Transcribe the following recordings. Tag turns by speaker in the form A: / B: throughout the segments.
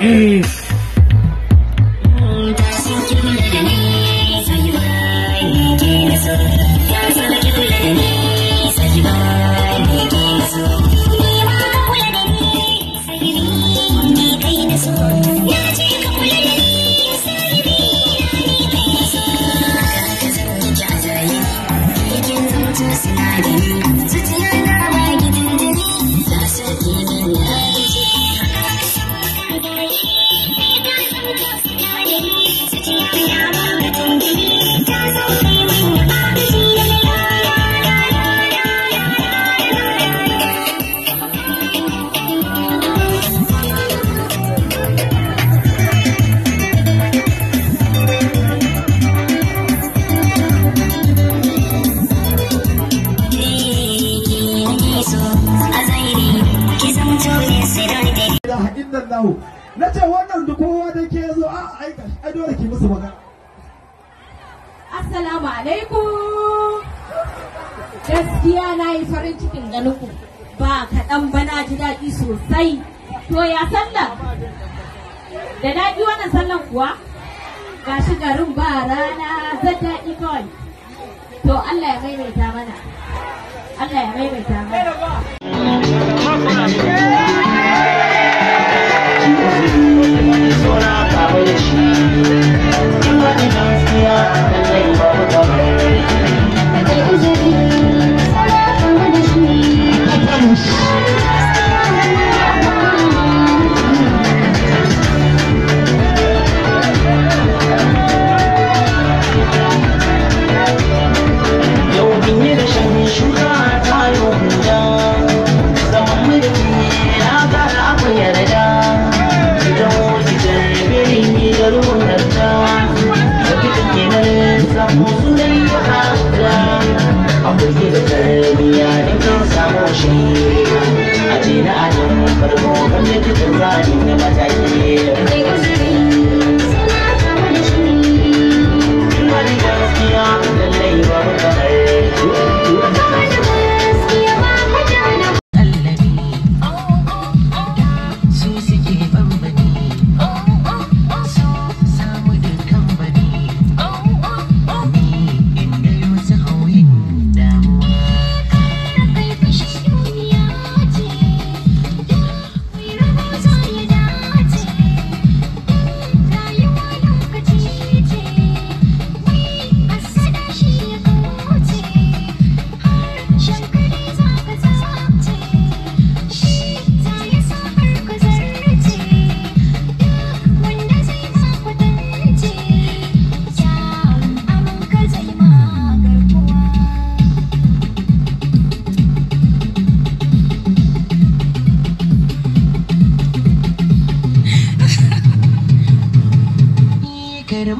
A: es ilaha illallah na ce wannan duk kowa da ke zo a ah, aika shi ai dole ki musu magana assalamu alaikum gaskiya na yi farin cikin ganinku ba kaɗan ba na ji daɗi sosai to ya sallar da daɗi wannan sallan kuwa shi garin ba rana zan daɗi kawai to Allah ya maimaita mana Allah ya maimaita mana da tarbiya in kan samu shi a ce na adam farko kan da kitin zani na mataki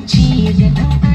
A: cheese.